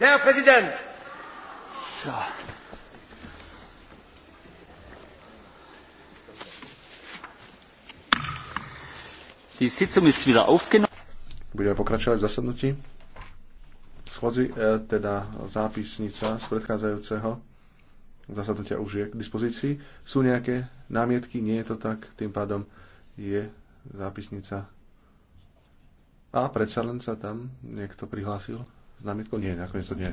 Herr Präsident! So. Die Sitzung ist wieder aufgenommen. Budeme pokračovať v zasadnutí. Schodzi, e, teda zápisnica z predchádzajúceho zasadnutia už je k dispozícii. Sú nejaké námietky? Nie je to tak. Tým pádom je zápisnica. A predsa len sa tam niekto prihlásil námietkou? Nie, nakoniec to nie.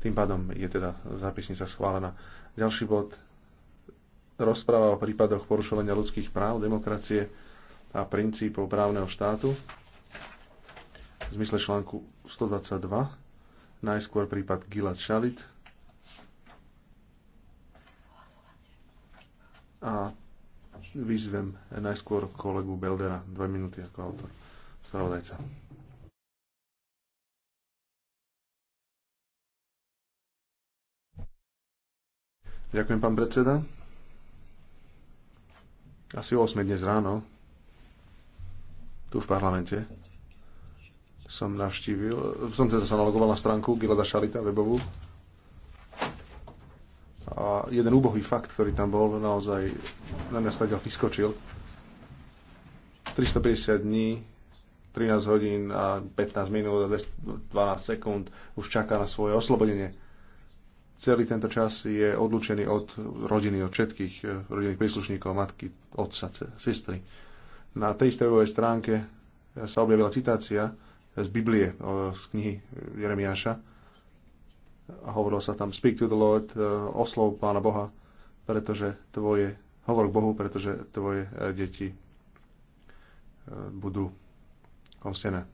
Tým pádom je teda zápisnica schválená. Ďalší bod. Rozpráva o prípadoch porušovania ľudských práv, demokracie a princípov právneho štátu v zmysle článku 122. Najskôr prípad Gilad Shalit. A vyzvem najskôr kolegu Beldera, dve minúty ako autor, spravodajca. Ďakujem, pán predseda. Asi 8 dnes ráno tu v parlamente som navštívil, som teda sa nalogoval na stránku Gilada Šalita webovú a jeden úbohý fakt, ktorý tam bol, naozaj na mňa stadiaľ vyskočil. 350 dní, 13 hodín a 15 minút a 12 sekúnd už čaká na svoje oslobodenie celý tento čas je odlučený od rodiny, od všetkých eh, rodinných príslušníkov, matky, otca, sestry. Na tej istej stránke sa objavila citácia z Biblie, eh, z knihy eh, Jeremiáša. A hovorilo sa tam Speak to the Lord, oslov Pána Boha, pretože tvoje, hovor k Bohu, pretože tvoje deti budú komstené.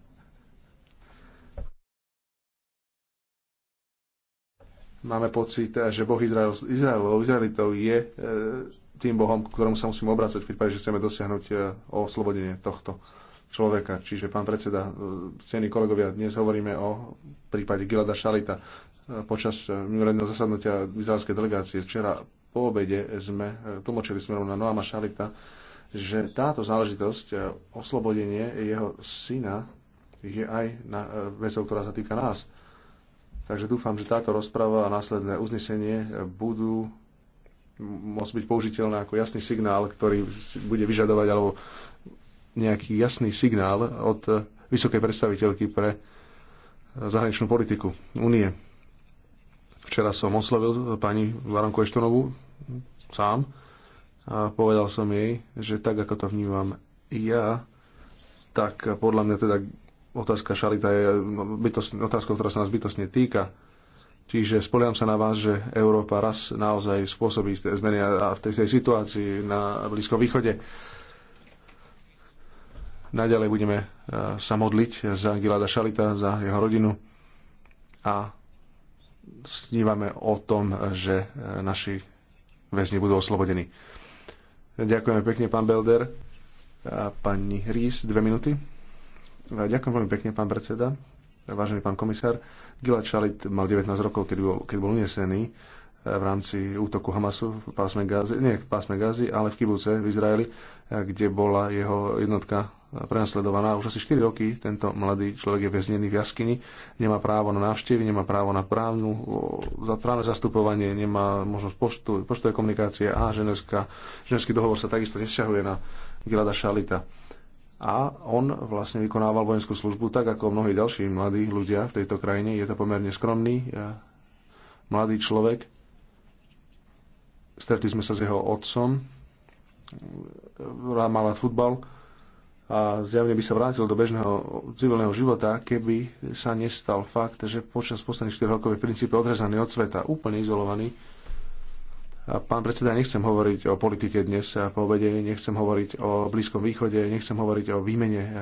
Máme pocit, eh, že Boh Izrael, Izraelov, Izraelitov je eh, tým Bohom, k ktorému sa musíme obrácať v prípade, že chceme dosiahnuť eh, oslobodenie tohto človeka. Čiže, pán predseda, cení kolegovia, dnes hovoríme o prípade Gilada Šalita. Počas mimoriadného zasadnutia izraelskej delegácie včera po obede sme tlmočili smerom na Noama Šalita, že táto záležitosť, oslobodenie jeho syna, je aj na vecou, ktorá sa týka nás. Takže dúfam, že táto rozprava a následné uznesenie budú môcť byť použiteľné ako jasný signál, ktorý bude vyžadovať alebo nejaký jasný signál od vysokej predstaviteľky pre zahraničnú politiku únie. Včera som oslovil pani Varanku Eštonovú sám a povedal som jej, že tak ako to vnímam ja, tak podľa mňa teda otázka šalita je no, bytosť, otázka, ktorá sa nás bytostne týka. Čiže spoliam sa na vás, že Európa raz naozaj spôsobí zmeny a v tej, tej situácii na Blízkom východe. Naďalej budeme e, sa modliť za Gilada Šalita, za jeho rodinu a snívame o tom, že e, naši väzni budú oslobodení. Ďakujeme pekne, pán Belder. A pani Rís, dve minúty. Ďakujem veľmi pekne, pán predseda. Vážený pán komisár, Gilad Šalit mal 19 rokov, keď bol, keď bol unesený e, v rámci útoku Hamasu v pásme Gázy, nie v pásme Gázy, ale v Kibuce v Izraeli, e, kde bola jeho jednotka prenasledovaná. Už asi 4 roky tento mladý človek je väznený v jaskyni, nemá právo na návštevy, nemá právo na právnu, právne zastupovanie, nemá možnosť poštu, poštové komunikácie a ženevská, ženevský dohovor sa takisto nesťahuje na Gilada Šalita a on vlastne vykonával vojenskú službu tak ako mnohí ďalší mladí ľudia v tejto krajine. Je to pomerne skromný eh, mladý človek. Stretli sme sa s jeho otcom, eh, mala futbal a zjavne by sa vrátil do bežného civilného života, keby sa nestal fakt, že počas posledných 4 rokov je v princípe odrezaný od sveta, úplne izolovaný Pán predseda, nechcem hovoriť o politike dnes po obede, nechcem hovoriť o Blízkom východe, nechcem hovoriť o výmene eh,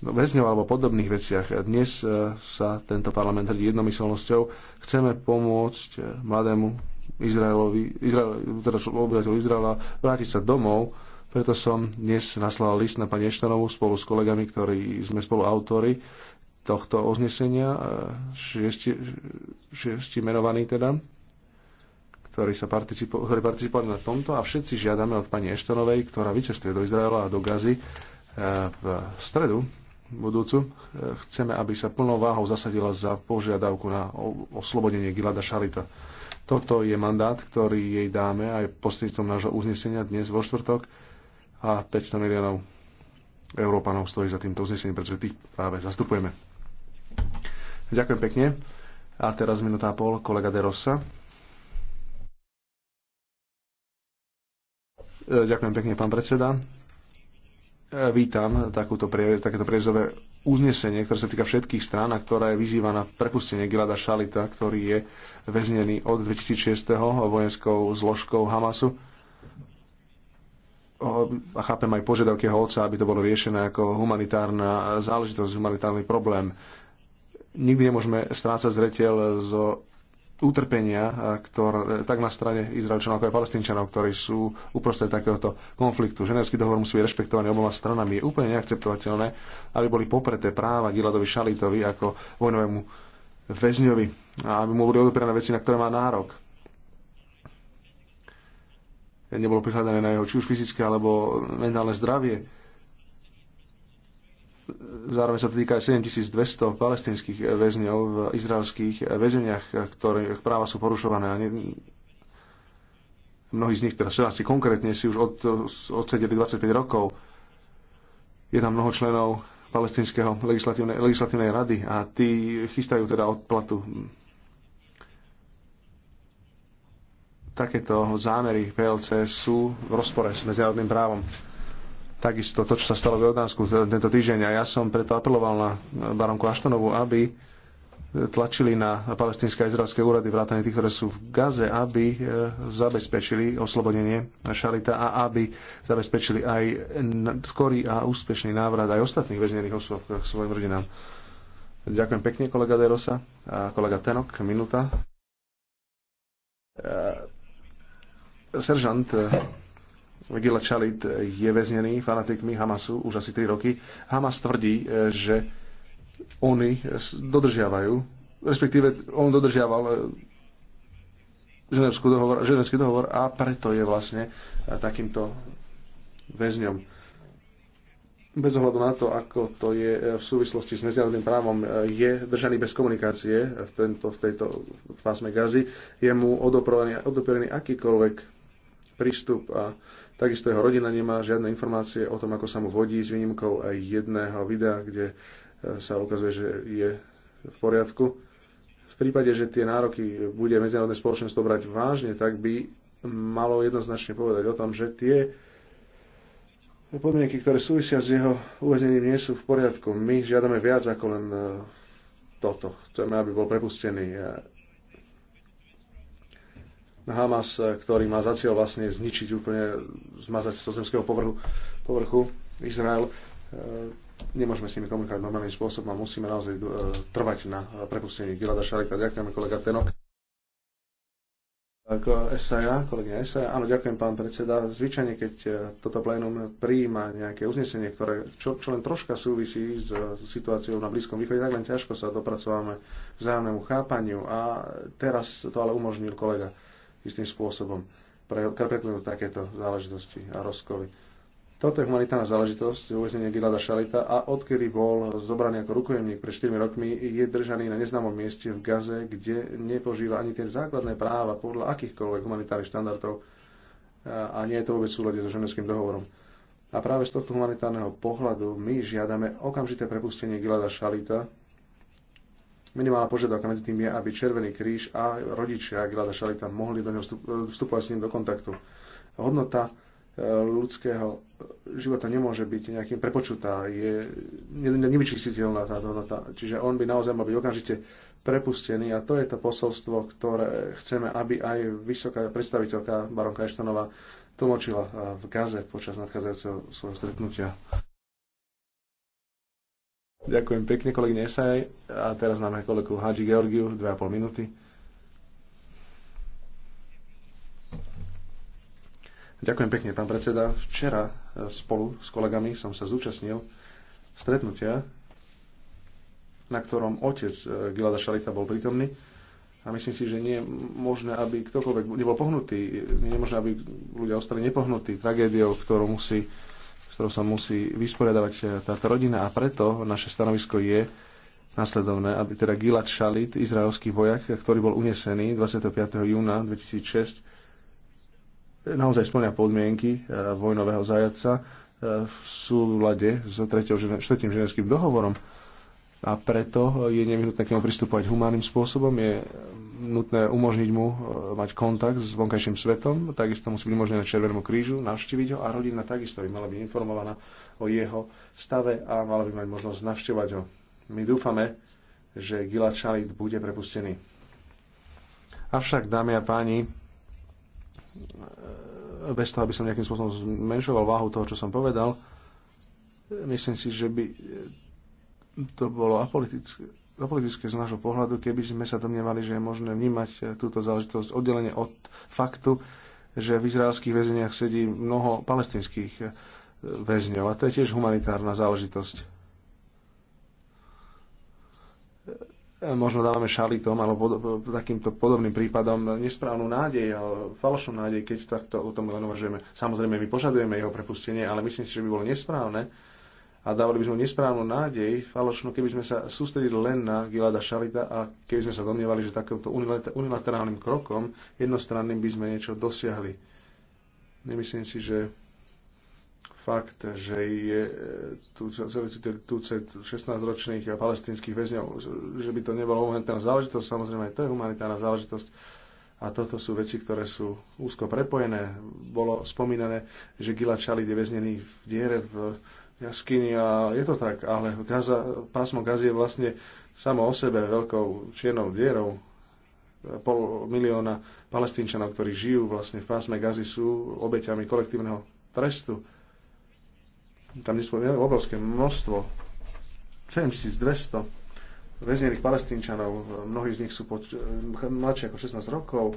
no, väzňov alebo podobných veciach. Dnes eh, sa tento parlament hrdí jednomyselnosťou. Chceme pomôcť eh, mladému Izraelovi, Izrael, teda obyvateľu Izraela vrátiť sa domov. Preto som dnes naslal list na pani Eštanovu spolu s kolegami, ktorí sme spolu autory tohto oznesenia, šiesti, šiesti menovaní teda, ktorí, sa participo- ktorí participovali na tomto a všetci žiadame od pani Eštonovej, ktorá vycestuje do Izraela a do Gazy eh, v stredu budúcu. Eh, chceme, aby sa plnou váhou zasadila za požiadavku na oslobodenie Gilada Šarita. Toto je mandát, ktorý jej dáme aj prostredníctvom nášho uznesenia dnes vo štvrtok a 500 miliónov Európanov stojí za týmto uznesením, pretože tých práve zastupujeme. Ďakujem pekne. A teraz minúta a pol kolega De Rossa. E, ďakujem pekne, pán predseda. E, vítam takúto prie, takéto priezové uznesenie, ktoré sa týka všetkých strán a ktorá je vyzýva na prepustenie Gilada Šalita, ktorý je väznený od 2006. vojenskou zložkou Hamasu. A chápem aj požiadavky jeho otca, aby to bolo riešené ako humanitárna záležitosť, humanitárny problém. Nikdy nemôžeme strácať zretiel zo utrpenia, ktoré, e, tak na strane Izraelčanov ako aj Palestínčanov, ktorí sú uprostred takéhoto konfliktu. Ženevský dohovor musí byť rešpektovaný oboma stranami. Je úplne neakceptovateľné, aby boli popreté práva Giladovi Šalitovi ako vojnovému väzňovi a aby mu boli odoprené veci, na ktoré má nárok. Nebolo prihľadané na jeho či už fyzické alebo mentálne zdravie Zároveň sa to týka aj 7200 palestinských väzňov v izraelských väzeniach, ktorých práva sú porušované. A ne, mnohí z nich, teda asi konkrétne, si už od, odsedeli 25 rokov. Je tam mnoho členov palestinského legislatívnej, legislatívnej rady a tí chystajú teda odplatu. Takéto zámery PLC sú v rozpore s medzinárodným právom takisto to, čo sa stalo v Jordánsku tento týždeň. A ja som preto apeloval na baronku Aštonovu, aby tlačili na palestínske a izraelské úrady, vrátane tých, ktoré sú v Gaze, aby e, zabezpečili oslobodenie Šalita a aby zabezpečili aj skorý a úspešný návrat aj ostatných väznených osôb k svojim rodinám. Ďakujem pekne, kolega Derosa a kolega Tenok, minúta. E, seržant e, Gila Chalit je väznený fanatikmi Hamasu už asi 3 roky. Hamas tvrdí, eh, že oni dodržiavajú, respektíve on dodržiaval eh, ženevský dohovor, ženevský dohovor a preto je vlastne eh, takýmto väzňom. Bez ohľadu na to, ako to je v súvislosti s medzinárodným právom, je držaný bez komunikácie v, tento, v tejto fásme gazy. Je mu odoprený akýkoľvek prístup a Takisto jeho rodina nemá žiadne informácie o tom, ako sa mu vodí, s výnimkou aj jedného videa, kde e, sa ukazuje, že je v poriadku. V prípade, že tie nároky bude medzinárodné spoločenstvo brať vážne, tak by malo jednoznačne povedať o tom, že tie podmienky, ktoré súvisia s jeho uväznením, nie sú v poriadku. My žiadame viac ako len e, toto. Chceme, aby bol prepustený. E, Hamas, ktorý má za cieľ vlastne zničiť úplne, zmazať z zemského povrchu, povrchu Izrael. E, nemôžeme s nimi komunikovať normálnym spôsobom a musíme naozaj e, trvať na prepustení Gilada Šarika. Ďakujeme kolega Tenok. SIA, kolegyňa SIA, Áno, ďakujem pán predseda. Zvyčajne, keď e, toto plénum prijíma nejaké uznesenie, ktoré čo, čo len troška súvisí s situáciou na Blízkom východe, tak len ťažko sa dopracovame vzájomnému chápaniu. A teraz to ale umožnil kolega istým spôsobom preklenú takéto záležitosti a rozkoly. Toto je humanitárna záležitosť, uväznenie Gilada Šalita a odkedy bol zobraný ako rukojemník pred 4 rokmi, je držaný na neznámom mieste v Gaze, kde nepožíva ani tie základné práva podľa akýchkoľvek humanitárnych štandardov a nie je to vôbec v súlade so ženevským dohovorom. A práve z tohto humanitárneho pohľadu my žiadame okamžité prepustenie Gilada Šalita, Minimálna požiadavka medzi tým je, aby Červený kríž a rodičia Gilada Šalita mohli do neho vstupovať s ním do kontaktu. Hodnota e, ľudského života nemôže byť nejakým prepočutá, je nevyčistiteľná táto hodnota. Čiže on by naozaj mal byť okamžite prepustený a to je to posolstvo, ktoré chceme, aby aj vysoká predstaviteľka baronka Eštanová tlmočila e, v Gaze počas nadchádzajúceho svojho stretnutia. Ďakujem pekne, kolegy Nesaj. A teraz máme kolegu Hadži Georgiu, 2,5 minúty. Ďakujem pekne, pán predseda. Včera e, spolu s kolegami som sa zúčastnil stretnutia, na ktorom otec e, Gilada Šalita bol prítomný. A myslím si, že nie je možné, aby ktokoľvek nebol pohnutý, nie je možné, aby ľudia ostali nepohnutí tragédiou, ktorú musí s ktorou sa musí vysporiadavať eh, táto rodina a preto naše stanovisko je nasledovné, aby teda Gilad Shalit, izraelský vojak, ktorý bol unesený 25. júna 2006, eh, naozaj splňa podmienky eh, vojnového zajaca v súlade s 3. ženevským dohovorom a preto je nevyhnutné k nemu pristupovať humánnym spôsobom, je nutné umožniť mu e, mať kontakt s vonkajším svetom, takisto musí byť umožnené Červenému krížu navštíviť ho a rodina takisto by mala byť informovaná o jeho stave a mala by mať možnosť navštevovať ho. My dúfame, že Gila Chalit bude prepustený. Avšak, dámy a páni, e, bez toho, aby som nejakým spôsobom zmenšoval váhu toho, čo som povedal, e, myslím si, že by to bolo apolitické, apolitické z nášho pohľadu, keby sme sa domnievali, že je možné vnímať túto záležitosť oddelenie od faktu, že v izraelských väzeniach sedí mnoho palestinských e, väzňov. A to je tiež humanitárna záležitosť. E, možno dávame šalitom alebo pod, takýmto podobným prípadom nesprávnu nádej, falošnú nádej, keď takto o tom len uvažujeme. Samozrejme, my požadujeme jeho prepustenie, ale myslím si, že by bolo nesprávne, a dávali by sme nesprávnu nádej, falošnú, keby sme sa sústredili len na Gilada Šalita a keby sme sa domnievali, že takýmto unilaterálnym krokom, jednostranným by sme niečo dosiahli. Nemyslím si, že fakt, že je e, tu celý tucet 16-ročných palestinských väzňov, že by to nebolo momentálna záležitosť, samozrejme aj to je humanitárna záležitosť. A toto sú veci, ktoré sú úzko prepojené. Bolo spomínané, že Gila Čalid je väznený v diere v jaskyni a je to tak, ale Gaza, pásmo Gazy je vlastne samo o sebe veľkou čiernou dierou. Pol milióna palestínčanov, ktorí žijú vlastne v pásme Gazy, sú obeťami kolektívneho trestu. Tam nespomínam obrovské množstvo, 7200 väznených palestínčanov, mnohí z nich sú pod, ako 16 rokov,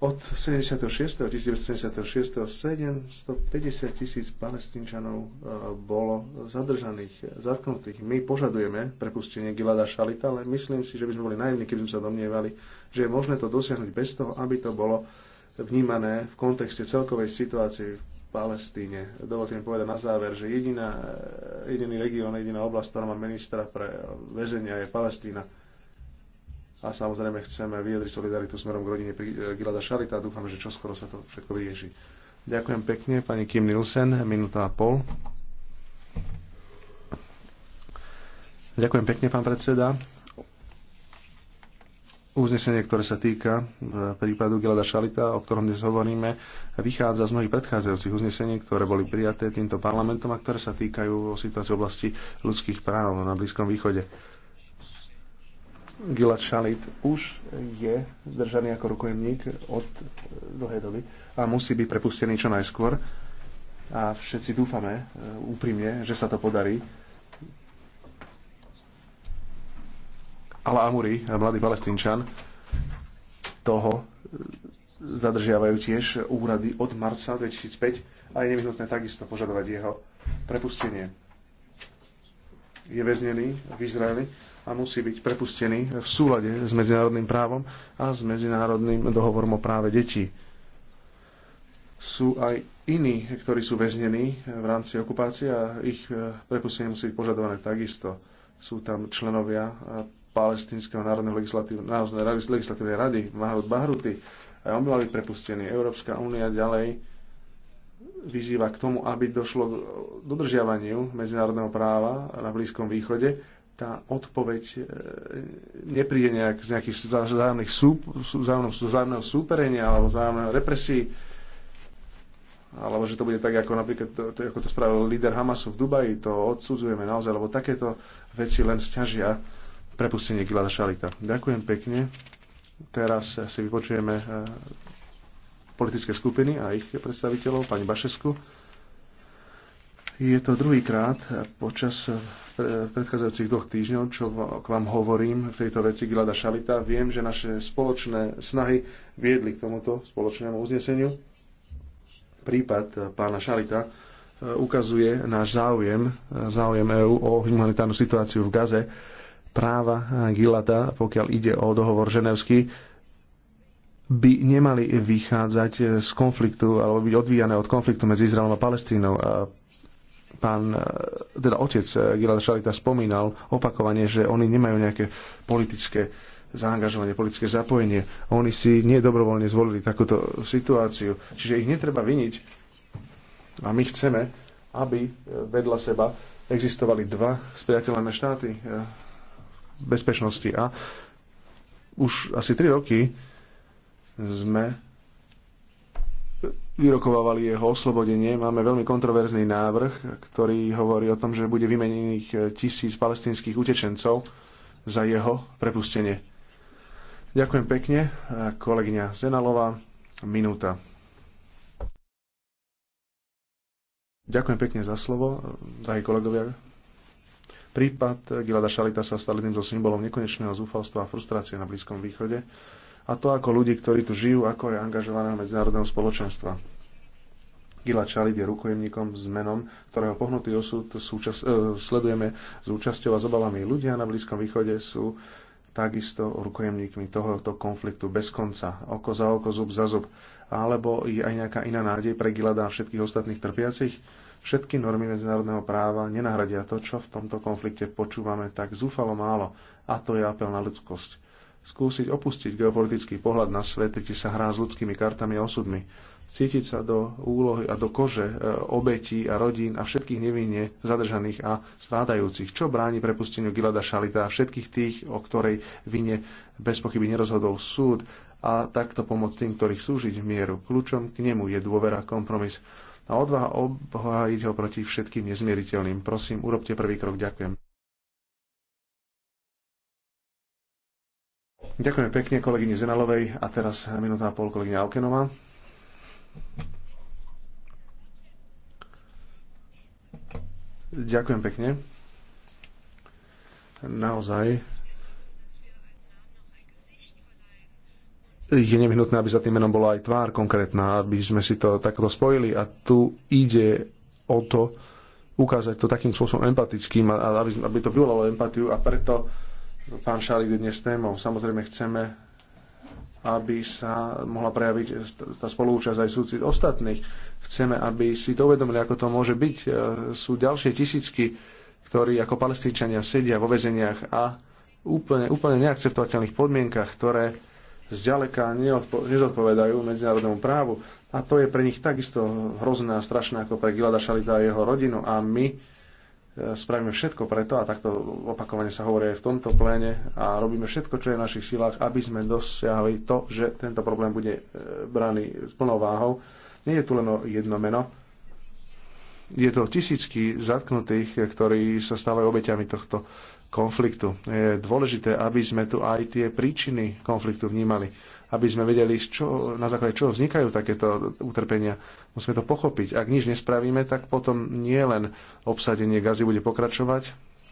od 76. 1976. 750 tisíc palestínčanov e, bolo zadržaných, zatknutých. My požadujeme prepustenie Gilada Šalita, ale myslím si, že by sme boli naivní, keby sme sa domnievali, že je možné to dosiahnuť bez toho, aby to bolo vnímané v kontexte celkovej situácie v Palestíne. Dovolte mi povedať na záver, že jediná, e, jediný región, jediná oblasť, ktorá má ministra pre e, väzenia je Palestína a samozrejme chceme vyjadriť solidaritu smerom k rodine eh, Gilada Šalita a dúfam, že čoskoro sa to všetko vyrieši. Ďakujem pekne, pani Kim Nielsen, minúta a pol. Ďakujem pekne, pán predseda. Uznesenie, ktoré sa týka eh, prípadu Gilada Šalita, o ktorom dnes hovoríme, vychádza z mnohých predchádzajúcich uznesení, ktoré boli prijaté týmto parlamentom a ktoré sa týkajú situácie v oblasti ľudských práv na Blízkom východe Gilad Shalit už je zdržaný ako rukojemník od dlhej doby a musí byť prepustený čo najskôr. A všetci dúfame e, úprimne, že sa to podarí. Ala Amuri, mladý palestínčan, toho zadržiavajú tiež úrady od marca 2005 a je nevyhnutné takisto požadovať jeho prepustenie. Je väznený v Izraeli a musí byť prepustený v súlade s medzinárodným právom a s medzinárodným dohovorom o práve detí. Sú aj iní, ktorí sú väznení v rámci okupácie a ich e, prepustenie musí byť požadované takisto. Sú tam členovia e, Palestinského národného legislatívnej rady Mahrud Bahruty a on mal byť prepustený. Európska únia ďalej vyzýva k tomu, aby došlo k dodržiavaniu medzinárodného práva na Blízkom východe tá odpoveď e, nepríde nejak z nejakých vzájomných sú, vzájomného súperenia alebo vzájomného represí, alebo že to bude tak, ako napríklad to, to, ako to spravil líder Hamasu v Dubaji, to odsudzujeme naozaj, lebo takéto veci len stiažia prepustenie Gilada Šalita. Ďakujem pekne. Teraz si vypočujeme e, politické skupiny a ich predstaviteľov, pani Bašesku. Je to druhýkrát počas eh, predchádzajúcich dvoch týždňov, čo k vám hovorím v tejto veci Gilada Šalita. Viem, že naše spoločné snahy viedli k tomuto spoločnému uzneseniu. Prípad eh, pána Šalita eh, ukazuje náš záujem, záujem EÚ o humanitárnu situáciu v Gaze. Práva Gilada, pokiaľ ide o dohovor ženevský, by nemali vychádzať z konfliktu alebo byť odvíjane od konfliktu medzi Izraelom a Palestínou. A pán, e, teda otec e, Gilad Šalita spomínal opakovane, že oni nemajú nejaké politické zaangažovanie, politické zapojenie. Oni si nedobrovoľne zvolili takúto situáciu. Čiže ich netreba viniť. A my chceme, aby e, vedľa seba existovali dva spriateľné štáty bezpečnosti. A už asi tri roky sme vyrokovávali jeho oslobodenie. Máme veľmi kontroverzný návrh, ktorý hovorí o tom, že bude vymenených e, tisíc palestinských utečencov za jeho prepustenie. Ďakujem pekne. Kolegyňa Zenalová, minúta. Ďakujem pekne za slovo, drahí kolegovia. Prípad Gilada Šalita sa stal jedným zo symbolov nekonečného zúfalstva a frustrácie na Blízkom východe a to ako ľudí, ktorí tu žijú, ako je angažovaná medzinárodného spoločenstva. Gila Čalid je rukojemníkom s menom, ktorého pohnutý osud súčas, e, sledujeme s účasťou a s obavami. Ľudia na Blízkom východe sú takisto rukojemníkmi tohoto konfliktu bez konca, oko za oko, zub za zub. Alebo je aj nejaká iná nádej pre Gilada a všetkých ostatných trpiacich? Všetky normy medzinárodného práva nenahradia to, čo v tomto konflikte počúvame tak zúfalo málo, a to je apel na ľudskosť skúsiť opustiť geopolitický pohľad na svet, kde sa hrá s ľudskými kartami a osudmi. Cítiť sa do úlohy a do kože e, obetí a rodín a všetkých nevinne zadržaných a strádajúcich. Čo bráni prepusteniu Gilada Šalita a všetkých tých, o ktorej vine bez pochyby nerozhodol súd a takto pomôcť tým, ktorých súžiť v mieru. Kľúčom k nemu je dôvera, kompromis a odvaha obhájiť ho proti všetkým nezmieriteľným. Prosím, urobte prvý krok. Ďakujem. Ďakujem pekne kolegyni Zenalovej a teraz minúta a pol kolegyňa Aukenová. Ďakujem pekne. Naozaj je nevyhnutné, aby za tým menom bola aj tvár konkrétna, aby sme si to takto spojili. A tu ide o to ukázať to takým spôsobom empatickým, aby, aby to vyvolalo empatiu a preto pán Šárik dnes témou. Samozrejme chceme, aby sa mohla prejaviť tá spolúčasť aj súcit ostatných. Chceme, aby si to uvedomili, ako to môže byť. E, sú ďalšie tisícky, ktorí ako palestínčania sedia vo väzeniach a úplne, úplne neakceptovateľných podmienkach, ktoré zďaleka neodpo- nezodpovedajú medzinárodnému právu. A to je pre nich takisto hrozné a strašné ako pre Gilada Šalita a jeho rodinu. A my Spravíme všetko preto, a takto opakovane sa hovorí aj v tomto pléne, a robíme všetko, čo je v našich silách, aby sme dosiahli to, že tento problém bude e, braný s plnou váhou. Nie je tu len jedno meno. Je to tisícky zatknutých, ktorí sa stávajú obeťami tohto konfliktu. Je dôležité, aby sme tu aj tie príčiny konfliktu vnímali aby sme vedeli, čo, na základe čoho vznikajú takéto utrpenia. Musíme to pochopiť. Ak nič nespravíme, tak potom nie len obsadenie gazy bude pokračovať,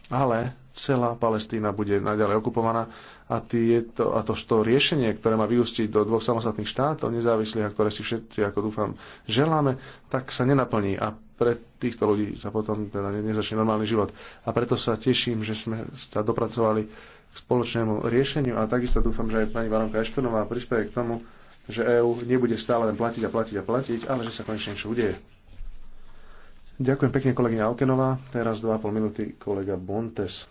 ale celá Palestína bude naďalej okupovaná a, tieto, a to, to riešenie, ktoré má vyústiť do dvoch samostatných štátov, nezávislých a ktoré si všetci, ako dúfam, želáme, tak sa nenaplní. A pre týchto ľudí sa potom teda nezačne normálny život. A preto sa teším, že sme sa dopracovali k spoločnému riešeniu a takisto dúfam, že aj pani Baronka Eštonová prispieje k tomu, že EÚ nebude stále len platiť a platiť a platiť, ale že sa konečne niečo udeje. Ďakujem pekne kolegyňa Alkenová. Teraz 2,5 minúty kolega Bontes.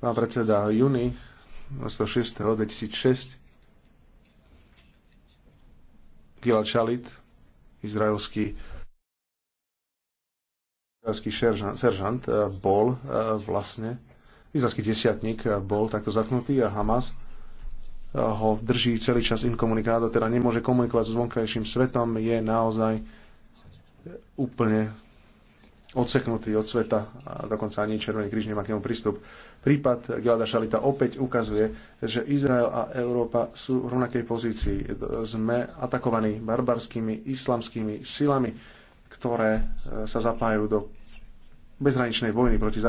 Pán predseda, júni 106. 2006 Gilad Šalit, izraelský izraelský seržant, seržant eh, bol eh, vlastne, izraelský desiatník eh, bol takto zatknutý a Hamas ho drží celý čas inkomunikádo, teda nemôže komunikovať s vonkajším svetom, je naozaj úplne odseknutý od sveta a dokonca ani Červený kríž nemá k nemu prístup. Prípad Gilada Šalita opäť ukazuje, že Izrael a Európa sú v rovnakej pozícii. Sme atakovaní barbarskými islamskými silami, ktoré e, sa zapájajú do bezhraničnej vojny proti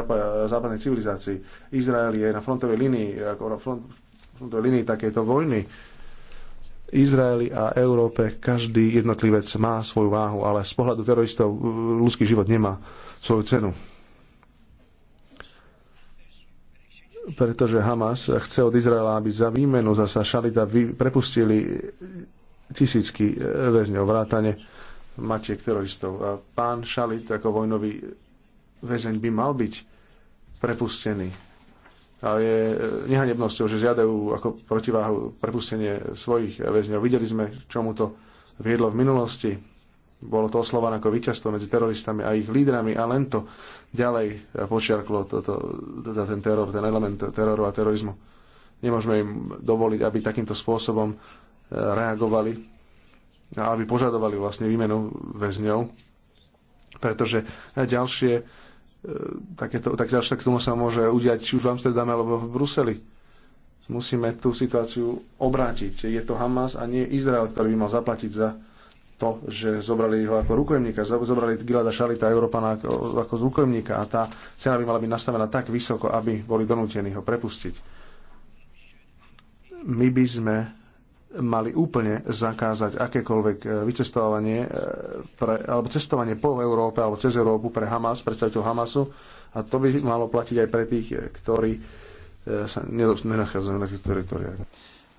západnej civilizácii. Izrael je na frontovej línii, ako na front, frontovej línii takéto vojny Izraeli a Európe každý jednotlivec má svoju váhu, ale z pohľadu teroristov eh, ľudský život nemá svoju cenu. Pretože Hamas chce od Izraela, aby za výmenu za Sašalita prepustili tisícky eh, väzňov, vrátane matiek teroristov. A pán Šalit ako vojnový väzeň by mal byť prepustený a je e, nehanebnosťou, že žiadajú ako protiváhu prepustenie svojich väzňov. Videli sme, čomu to viedlo v minulosti. Bolo to oslované ako víťazstvo medzi teroristami a ich lídrami a len to ďalej počiarklo toto, teda ten teror, ten element teroru a terorizmu. Nemôžeme im dovoliť, aby takýmto spôsobom e, reagovali a aby požadovali vlastne výmenu väzňov, pretože ďalšie E, takéto, tak až tak tomu sa môže udiať či už v Amsterdame alebo v Bruseli. Musíme tú situáciu obrátiť. Je to Hamas a nie Izrael, ktorý by mal zaplatiť za to, že zobrali ho ako rukojemníka, zobrali Gilada Šalita, Európana ako, ako rukojemníka a tá cena by mala byť nastavená tak vysoko, aby boli donútení ho prepustiť. My by sme mali úplne zakázať akékoľvek e, vycestovanie e, pre, alebo cestovanie po Európe alebo cez Európu pre Hamas, predstaviteľ Hamasu a to by malo platiť aj pre tých, e, ktorí sa nenachádzajú na týchto teritoriách.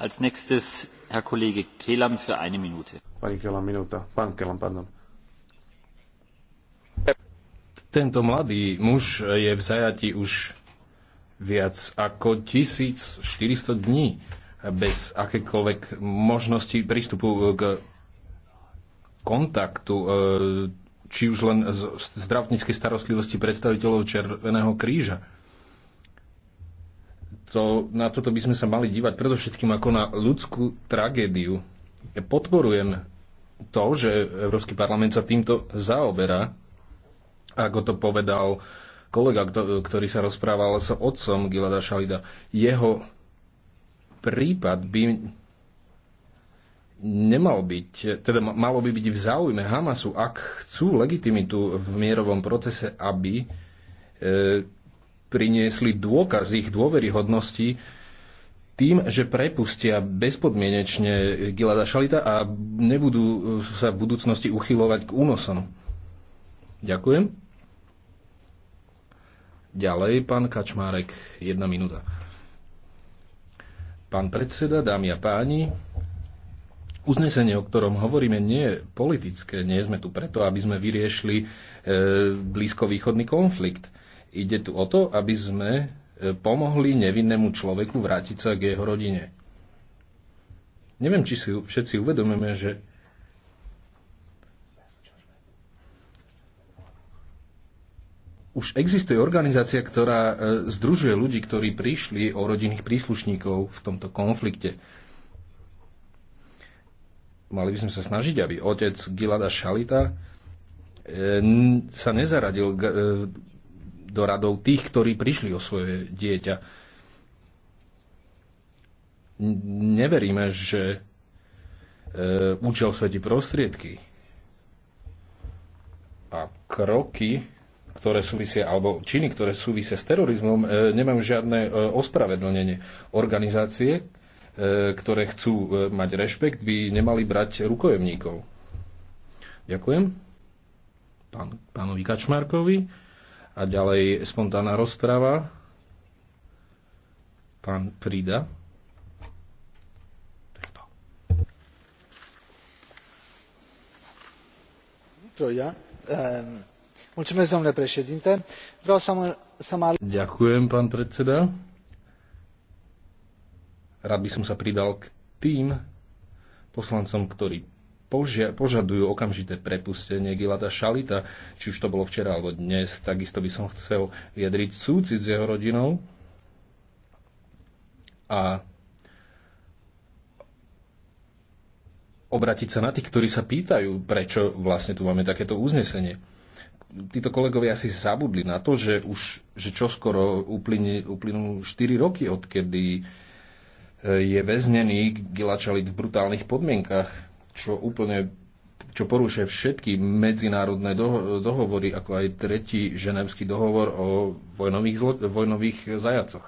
Als nächstes Herr Kollege Kelam für eine Minute. Pani Kelam, minúta. Pán Kelam, pardon. Tento mladý muž je v zajati už viac ako 1400 dní bez akékoľvek možnosti prístupu k kontaktu, e, či už len z zdravotníckej starostlivosti predstaviteľov Červeného kríža. To, na toto by sme sa mali dívať predovšetkým ako na ľudskú tragédiu. Ja podporujem to, že Európsky parlament sa týmto zaoberá, ako to povedal kolega, ktorý sa rozprával s otcom Gilada Šalida. Jeho prípad by nemal byť, teda malo by byť v záujme Hamasu, ak chcú legitimitu v mierovom procese, aby e, priniesli dôkaz ich dôveryhodnosti tým, že prepustia bezpodmienečne Gilada Šalita a nebudú sa v budúcnosti uchylovať k únosom. Ďakujem. Ďalej, pán Kačmárek, jedna minúta. Pán predseda, dámy a páni, uznesenie, o ktorom hovoríme, nie je politické. Nie sme tu preto, aby sme vyriešili e, blízkovýchodný konflikt. Ide tu o to, aby sme e, pomohli nevinnému človeku vrátiť sa k jeho rodine. Neviem, či si všetci uvedomíme, že už existuje organizácia, ktorá e, združuje ľudí, ktorí prišli o rodinných príslušníkov v tomto konflikte. Mali by sme sa snažiť, aby otec Gilada Šalita e, sa nezaradil e, do radov tých, ktorí prišli o svoje dieťa. Neveríme, že účel svetí prostriedky a kroky ktoré súvisia, alebo činy, ktoré súvisia s terorizmom, e, nemajú žiadne e, ospravedlnenie. Organizácie, e, ktoré chcú mať rešpekt, by nemali brať rukojemníkov. Ďakujem Pán, pánovi Kačmarkovi. A ďalej spontánna rozpráva. Pán Prida. To ja. Ehm, vreau să mă Ďakujem, pán predseda. Rád by som sa pridal k tým poslancom, ktorí požadujú okamžité prepustenie Gilada Šalita, či už to bolo včera alebo dnes. Takisto by som chcel vyjadriť súcit s jeho rodinou a obratiť sa na tých, ktorí sa pýtajú, prečo vlastne tu máme takéto uznesenie títo kolegovia asi zabudli na to, že už že čoskoro uplynú 4 roky, odkedy e, je väznený Gilačalit v brutálnych podmienkach, čo úplne čo porušuje všetky medzinárodné doho- dohovory, ako aj tretí ženevský dohovor o vojnových, zlo- vojnových zajacoch.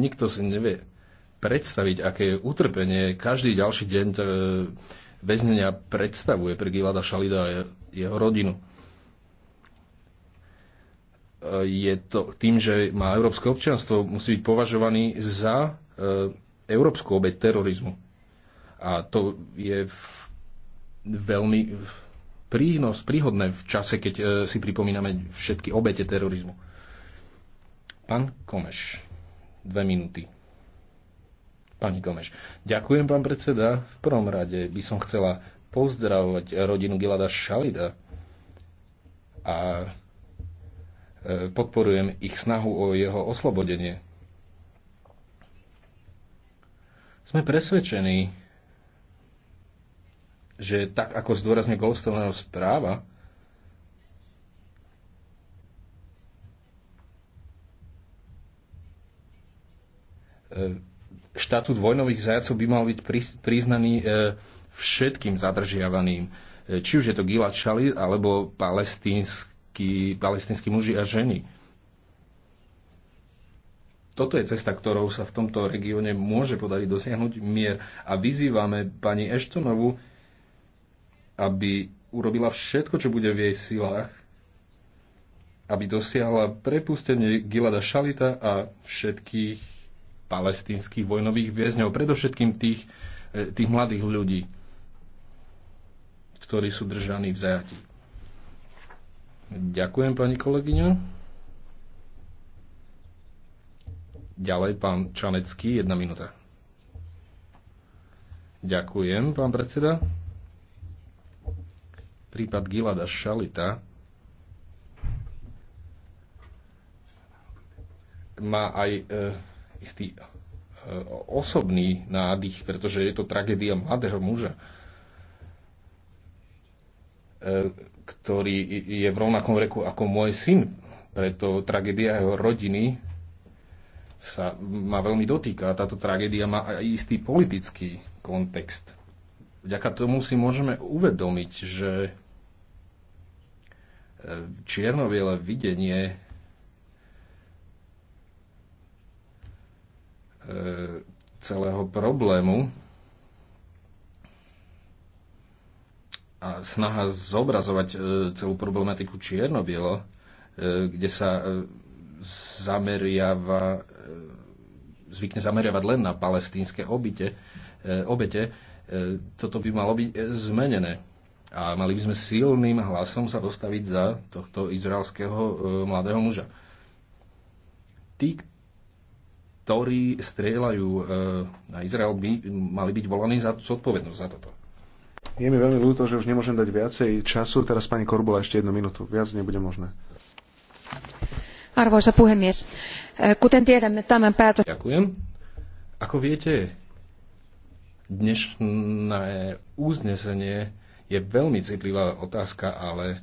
Nikto si nevie predstaviť, aké utrpenie každý ďalší deň väznenia predstavuje pre Gilada Šalida a jeho rodinu. E, je to tým, že má európske občianstvo, musí byť považovaný za e, európsku obeď terorizmu. A to je veľmi prínos, príhodné v čase, keď e, si pripomíname všetky obete terorizmu. Pán Komeš, dve minúty. Pani Gomeš. Ďakujem, pán predseda. V prvom rade by som chcela pozdravovať rodinu Gilada Šalida a e, podporujem ich snahu o jeho oslobodenie. Sme presvedčení, že tak ako zdôrazne Goldstoneho správa, štatút vojnových zajacov by mal byť priznaný e, všetkým zadržiavaným. E, či už je to Gilad Šali alebo palestínsky, palestínsky muži a ženy. Toto je cesta, ktorou sa v tomto regióne môže podariť dosiahnuť mier. A vyzývame pani Eštonovu, aby urobila všetko, čo bude v jej silách, aby dosiahla prepustenie Gilada Šalita a všetkých palestínskych vojnových viezňov predovšetkým tých, e, tých mladých ľudí, ktorí sú držaní v zajatí. Ďakujem, pani kolegyňa. Ďalej pán Čanecký, jedna minúta. Ďakujem, pán predseda. Prípad Gilada Šalita má aj e, istý e, osobný nádych, pretože je to tragédia mladého muža, e, ktorý je v rovnakom veku ako môj syn. Preto tragédia jeho rodiny sa ma veľmi dotýka. Táto tragédia má aj istý politický kontext. Vďaka tomu si môžeme uvedomiť, že e, čierno videnie E, celého problému a snaha zobrazovať e, celú problematiku čierno-bielo, e, kde sa zameriava, zvykne zameriavať len na palestínske obite, obete, toto by malo byť zmenené. A mali by sme silným hlasom sa postaviť za tohto izraelského mladého muža. Tí, ktorí strieľajú na eh, Izrael, by mali byť volaní za zodpovednosť za toto. Je mi veľmi ľúto, že už nemôžem dať viacej času. Teraz pani Korbula ešte jednu minútu. Viac nebude možné. Arvoisa puhemies, eh, kuten tiedämme tämän päätös... Ďakujem. Ako viete, dnešné uznesenie je veľmi citlivá otázka, ale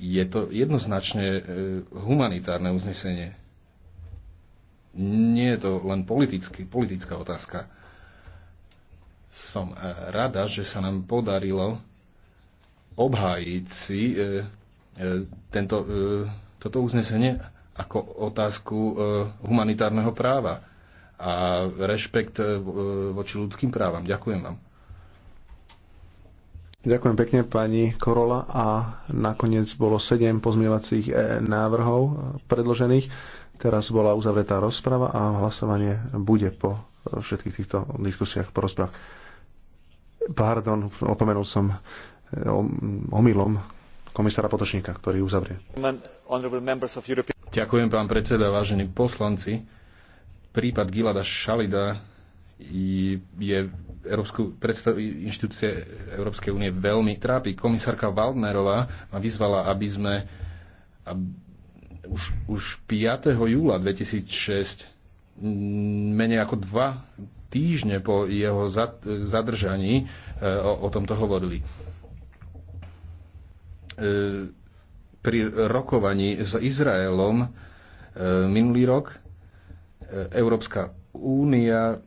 je to jednoznačne eh, humanitárne uznesenie nie je to len politicky, politická otázka. Som eh, rada, že sa nám podarilo obhájiť si eh, eh, tento, toto uznesenie ako otázku humanitárneho práva a rešpekt voči ľudským právam. Ďakujem vám. Ďakujem pekne pani Korola a nakoniec bolo 7 pozmievacích návrhov predložených. Teraz bola uzavretá rozprava a hlasovanie bude po všetkých týchto diskusiách, po rozprávach. Pardon, opomenul som eh, omylom komisára Potočníka, ktorý uzavrie. Ďakujem, pán predseda, vážení poslanci. Prípad Gilada Šalida je Európsku, predstaví inštitúcie Európskej únie veľmi trápi. Komisárka Waldnerová ma vyzvala, aby sme aby už, už 5. júla 2006, menej ako dva týždne po jeho zadržaní, e, o, o tomto hovorili. E, pri rokovaní s Izraelom e, minulý rok Európska únia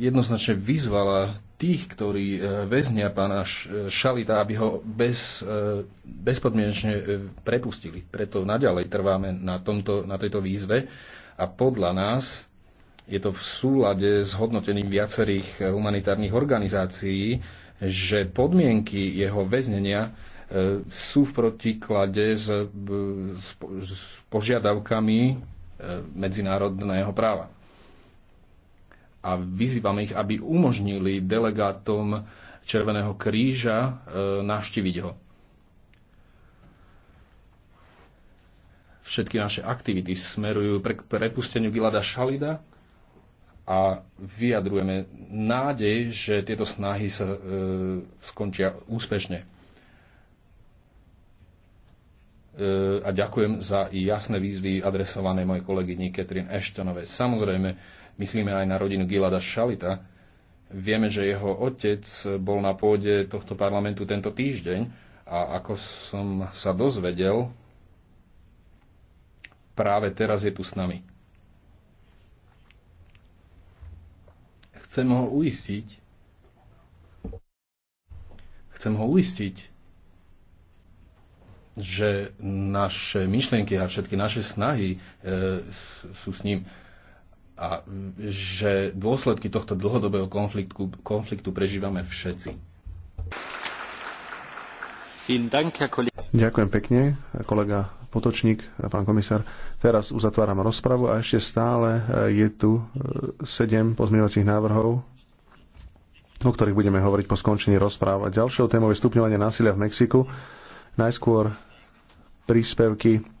jednoznačne vyzvala tých, ktorí e, väznia pána e, Šalita, aby ho bez, e, bezpodmienečne prepustili. Preto naďalej trváme na, tomto, na tejto výzve a podľa nás je to v súlade s hodnotením viacerých humanitárnych organizácií, že podmienky jeho väznenia sú v protiklade s, s, s požiadavkami medzinárodného práva a vyzývame ich, aby umožnili delegátom Červeného kríža e, navštíviť ho. Všetky naše aktivity smerujú pre prepusteniu Gilada Šalida a vyjadrujeme nádej, že tieto snahy sa e, skončia úspešne. E, a ďakujem za jasné výzvy adresované mojej kolegyni Katrin Ashtonovej. Samozrejme, Myslíme aj na rodinu Gilada Šalita. Vieme, že jeho otec bol na pôde tohto parlamentu tento týždeň a ako som sa dozvedel, práve teraz je tu s nami. Chcem ho uistiť, chcem ho uistiť, že naše myšlienky a všetky naše snahy e, sú s ním a že dôsledky tohto dlhodobého konfliktu, konfliktu prežívame všetci. Ďakujem pekne, kolega Potočník, pán komisár. Teraz uzatváram rozpravu a ešte stále eh, je tu eh, sedem pozmeňovacích návrhov, o ktorých budeme hovoriť po skončení rozpráv. A ďalšou témou je stupňovanie násilia v Mexiku. Najskôr príspevky